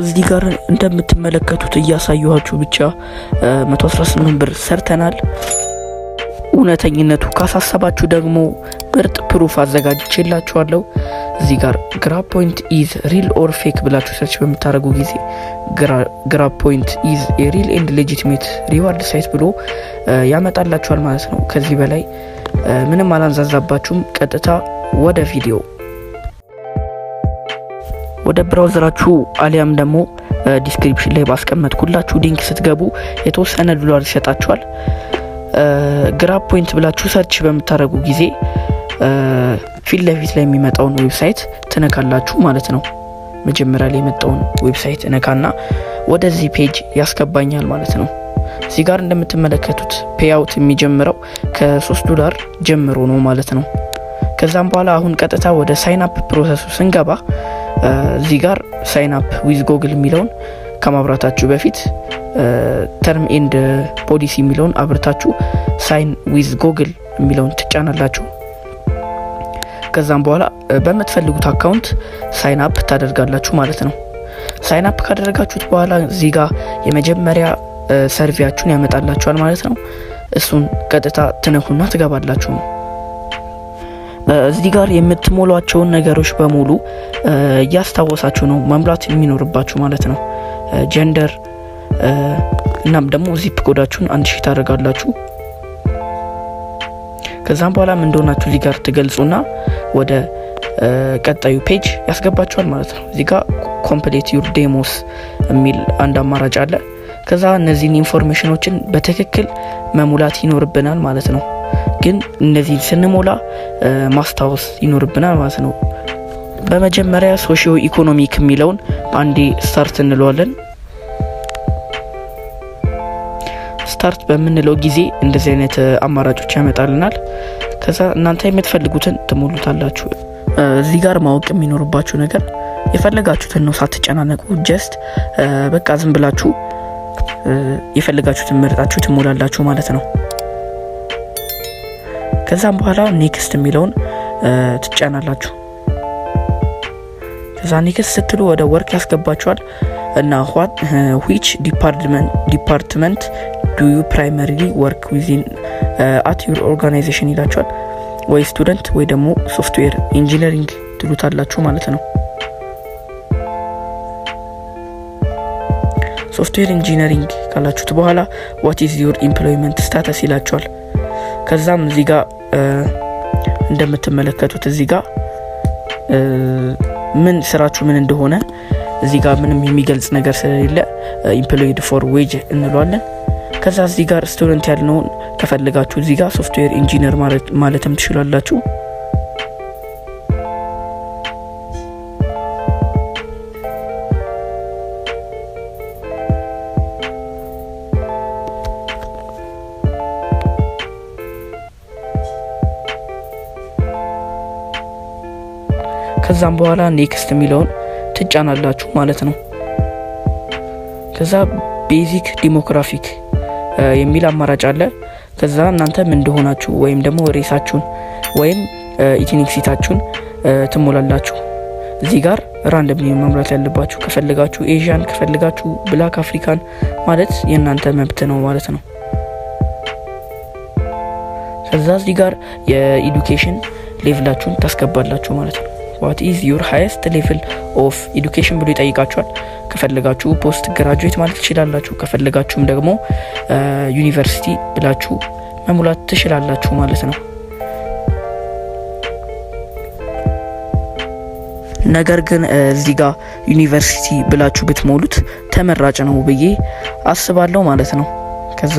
እዚህ ጋር እንደምትመለከቱት እያሳየኋችሁ ብቻ 118 ብር ሰርተናል። እውነተኝነቱ ካሳሰባችሁ ደግሞ ምርጥ ፕሩፍ አዘጋጅቼላችኋለሁ። እዚህ ጋር ግራ ፖይንት ኢዝ ሪል ኦር ፌክ ብላችሁ ሰርች በምታደርጉ ጊዜ ግራ ፖይንት ኢዝ የሪል ኤንድ ሌጂትሜት ሪዋርድ ሳይት ብሎ ያመጣላችኋል ማለት ነው። ከዚህ በላይ ምንም አላንዛዛባችሁም። ቀጥታ ወደ ቪዲዮ ወደ ብራውዘራችሁ አሊያም ደግሞ ዲስክሪፕሽን ላይ ባስቀመጥኩላችሁ ሊንክ ስትገቡ የተወሰነ ዶላር ይሰጣችኋል። ግራ ፖይንት ብላችሁ ሰርች በምታደረጉ ጊዜ ፊት ለፊት ላይ የሚመጣውን ዌብሳይት ትነካላችሁ ማለት ነው። መጀመሪያ ላይ የመጣውን ዌብሳይት እነካና ወደዚህ ፔጅ ያስገባኛል ማለት ነው። እዚህ ጋር እንደምትመለከቱት ፔያውት የሚጀምረው ከ3 ዶላር ጀምሮ ነው ማለት ነው። ከዛም በኋላ አሁን ቀጥታ ወደ ሳይን አፕ ፕሮሰሱ ስንገባ እዚህ ጋር ሳይን አፕ ዊዝ ጎግል የሚለውን ከማብራታችሁ በፊት ተርም ኤንድ ፖሊሲ የሚለውን አብርታችሁ ሳይን ዊዝ ጎግል የሚለውን ትጫናላችሁ። ከዛም በኋላ በምትፈልጉት አካውንት ሳይን አፕ ታደርጋላችሁ ማለት ነው። ሳይን አፕ ካደረጋችሁት በኋላ እዚህ ጋር የመጀመሪያ ሰርቪያችሁን ያመጣላችኋል ማለት ነው። እሱን ቀጥታ ትነኩና ትገባላችሁ ነው። እዚህ ጋር የምትሞሏቸውን ነገሮች በሙሉ እያስታወሳችሁ ነው መሙላት የሚኖርባችሁ ማለት ነው። ጀንደር እናም ደግሞ ዚፕ ኮዳችሁን አንድ ሺ ታደርጋላችሁ። ከዛም በኋላ ምን እንደሆናችሁ እዚህ ጋር ትገልጹና ወደ ቀጣዩ ፔጅ ያስገባችኋል ማለት ነው። እዚህ ጋር ኮምፕሌት ዩር ዴሞስ የሚል አንድ አማራጭ አለ። ከዛ እነዚህን ኢንፎርሜሽኖችን በትክክል መሙላት ይኖርብናል ማለት ነው። ግን እነዚህ ስንሞላ ማስታወስ ይኖርብናል ማለት ነው። በመጀመሪያ ሶሺዮ ኢኮኖሚክ የሚለውን አንዴ ስታርት እንለዋለን። ስታርት በምንለው ጊዜ እንደዚህ አይነት አማራጮች ያመጣልናል። ከዛ እናንተ የምትፈልጉትን ትሞሉታላችሁ። እዚህ ጋር ማወቅ የሚኖርባችሁ ነገር የፈለጋችሁትን ነው፣ ሳትጨናነቁ ጀስት በቃ ዝም ብላችሁ የፈለጋችሁትን መርጣችሁ ትሞላላችሁ ማለት ነው። ከዛም በኋላ ኔክስት የሚለውን ትጫናላችሁ። ከዛ ኔክስት ስትሉ ወደ ወርክ ያስገባችኋል እና ዊች ዲፓርትመንት ዱ ዩ ፕራይመሪሊ ወርክ ዊዚን አት ዩር ኦርጋናይዜሽን ይላችኋል። ወይ ስቱደንት ወይ ደግሞ ሶፍትዌር ኢንጂነሪንግ ትሉታላችሁ ማለት ነው። ሶፍትዌር ኢንጂነሪንግ ካላችሁት በኋላ ዋት ዝ ዩር ኢምፕሎይመንት ስታተስ ይላችኋል። ከዛም እዚህ ጋር እንደምትመለከቱት እዚህ ጋር ምን ስራችሁ ምን እንደሆነ እዚህ ጋር ምንም የሚገልጽ ነገር ስለሌለ ኢምፕሎይድ ፎር ዌጅ እንሏለን። ከዛ እዚህ ጋር ስቱደንት ያልነውን ከፈልጋችሁ እዚህ ጋር ሶፍትዌር ኢንጂነር ማለትም ትችላላችሁ። ከዛም በኋላ ኔክስት የሚለውን ትጫናላችሁ ማለት ነው። ከዛ ቤዚክ ዲሞክራፊክ የሚል አማራጭ አለ። ከዛ እናንተ ምን እንደሆናችሁ ወይም ደግሞ ሬሳችሁን ወይም ኢትኒክሲታችሁን ትሞላላችሁ። እዚህ ጋር ራንደም መምራት ያለባችሁ ከፈልጋችሁ ኤዥያን ከፈልጋችሁ ብላክ አፍሪካን ማለት የእናንተ መብት ነው ማለት ነው። ከዛ እዚህ ጋር የኢዱኬሽን ሌቭላችሁን ታስገባላችሁ ማለት ነው። ዋት ኢዝ ዩር ሀይስት ሌቭል ኦፍ ኤዱኬሽን ብሎ ይጠይቃችኋል። ከፈለጋችሁ ፖስት ግራጁዌት ማለት ትችላላችሁ። ከፈለጋችሁም ደግሞ ዩኒቨርሲቲ ብላችሁ መሙላት ትችላላችሁ ማለት ነው። ነገር ግን እዚህ ጋር ዩኒቨርሲቲ ብላችሁ ብትሞሉት ተመራጭ ነው ብዬ አስባለሁ ማለት ነው። ከዛ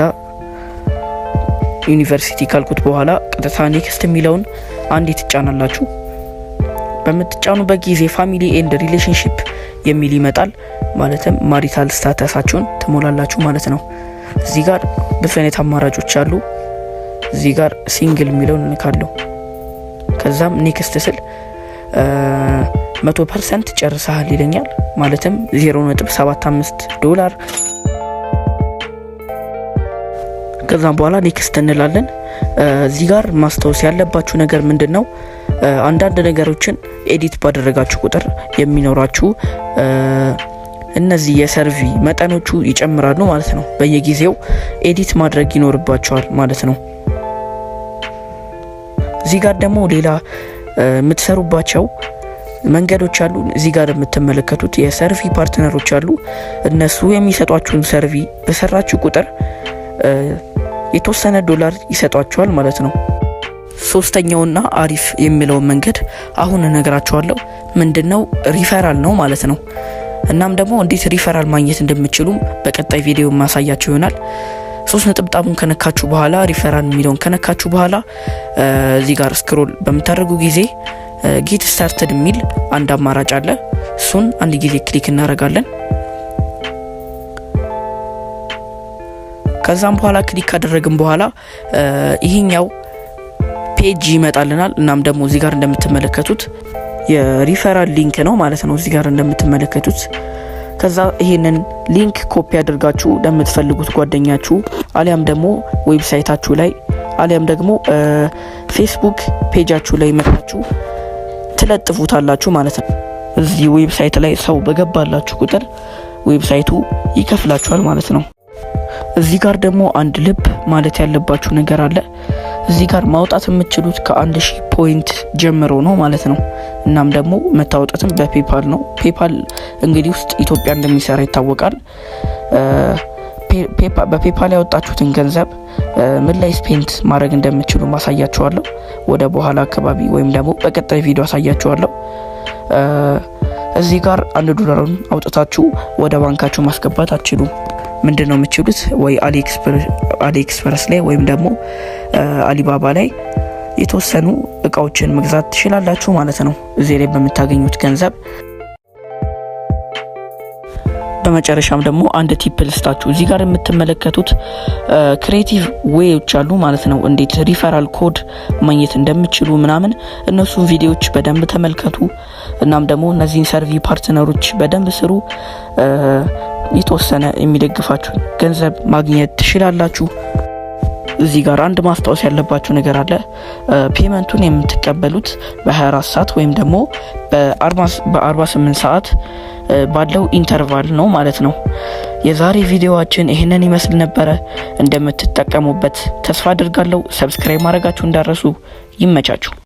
ዩኒቨርሲቲ ካልኩት በኋላ ቀጥታ ኔክስት የሚለውን አንዴ ትጫናላችሁ። በምትጫኑበት ጊዜ ፋሚሊ ኤንድ ሪሌሽንሽፕ የሚል ይመጣል። ማለትም ማሪታል ስታተሳችሁን ትሞላላችሁ ማለት ነው። እዚህ ጋር ብዙ አይነት አማራጮች አሉ። እዚህ ጋር ሲንግል የሚለውን እንካለው ከዛም ኔክስት ስል መቶ ፐርሰንት ጨርሰሃል ይለኛል። ማለትም 0.75 ዶላር ከዛም በኋላ ኔክስት እንላለን። እዚህ ጋር ማስታወስ ያለባችሁ ነገር ምንድን ነው? አንዳንድ ነገሮችን ኤዲት ባደረጋችሁ ቁጥር የሚኖራችሁ እነዚህ የሰርቪ መጠኖቹ ይጨምራሉ ማለት ነው። በየጊዜው ኤዲት ማድረግ ይኖርባቸዋል ማለት ነው። እዚህ ጋር ደግሞ ሌላ የምትሰሩባቸው መንገዶች አሉ። እዚህ ጋር የምትመለከቱት የሰርቪ ፓርትነሮች አሉ። እነሱ የሚሰጧችሁን ሰርቪ በሰራችሁ ቁጥር የተወሰነ ዶላር ይሰጧቸዋል ማለት ነው። ሶስተኛውና አሪፍ የሚለውን መንገድ አሁን እነግራችኋለሁ። ምንድን ነው ሪፈራል ነው ማለት ነው። እናም ደግሞ እንዴት ሪፈራል ማግኘት እንደምችሉም በቀጣይ ቪዲዮ ማሳያችሁ ይሆናል። ሶስት ነጠብጣቡን ከነካችሁ በኋላ ሪፈራል የሚለውን ከነካችሁ በኋላ እዚህ ጋር ስክሮል በምታደርጉ ጊዜ ጌት ስታርትድ የሚል አንድ አማራጭ አለ። እሱን አንድ ጊዜ ክሊክ እናደርጋለን። ከዛም በኋላ ክሊክ ካደረግን በኋላ ይሄኛው ፔጅ ይመጣልናል። እናም ደግሞ እዚህ ጋር እንደምትመለከቱት የሪፈራል ሊንክ ነው ማለት ነው እዚህ ጋር እንደምትመለከቱት ከዛ ይሄንን ሊንክ ኮፒ አድርጋችሁ ለምትፈልጉት ጓደኛችሁ አሊያም ደግሞ ዌብሳይታችሁ ላይ አሊያም ደግሞ ፌስቡክ ፔጃችሁ ላይ መታችሁ ትለጥፉታላችሁ ማለት ነው። እዚህ ዌብሳይት ላይ ሰው በገባላችሁ ቁጥር ዌብሳይቱ ይከፍላችኋል ማለት ነው። እዚህ ጋር ደግሞ አንድ ልብ ማለት ያለባችሁ ነገር አለ። እዚህ ጋር ማውጣት የምትችሉት ከአንድ ሺህ ፖይንት ጀምሮ ነው ማለት ነው። እናም ደግሞ መታወጣትም በፔፓል ነው። ፔፓል እንግዲህ ውስጥ ኢትዮጵያ እንደሚሰራ ይታወቃል። በፔፓል ያወጣችሁትን ገንዘብ ምን ላይ ስፔንት ማድረግ እንደምችሉ ማሳያችኋለሁ ወደ በኋላ አካባቢ ወይም ደግሞ በቀጣይ ቪዲዮ አሳያችኋለሁ። እዚህ ጋር አንድ ዶላሩን አውጥታችሁ ወደ ባንካችሁ ማስገባት አትችሉም። ምንድን ነው የምችሉት ወይ አሊኤክስፕረስ ላይ ወይም ደግሞ አሊባባ ላይ የተወሰኑ እቃዎችን መግዛት ትችላላችሁ ማለት ነው እዚህ ላይ በምታገኙት ገንዘብ። በመጨረሻም ደግሞ አንድ ቲፕ ልስጣችሁ። እዚህ ጋር የምትመለከቱት ክሬቲቭ ዌዎች አሉ ማለት ነው፣ እንዴት ሪፈራል ኮድ ማግኘት እንደምችሉ ምናምን። እነሱን ቪዲዮዎች በደንብ ተመልከቱ። እናም ደግሞ እነዚህን ሰርቪ ፓርትነሮች በደንብ ስሩ። የተወሰነ የሚደግፋችሁ ገንዘብ ማግኘት ትችላላችሁ። እዚህ ጋር አንድ ማስታወስ ያለባችሁ ነገር አለ። ፔመንቱን የምትቀበሉት በ24 ሰዓት ወይም ደግሞ በ48 ሰዓት ባለው ኢንተርቫል ነው ማለት ነው። የዛሬ ቪዲዮዋችን ይህንን ይመስል ነበረ። እንደምትጠቀሙበት ተስፋ አድርጋለሁ። ሰብስክራይብ ማድረጋችሁ እንዳረሱ። ይመቻችሁ።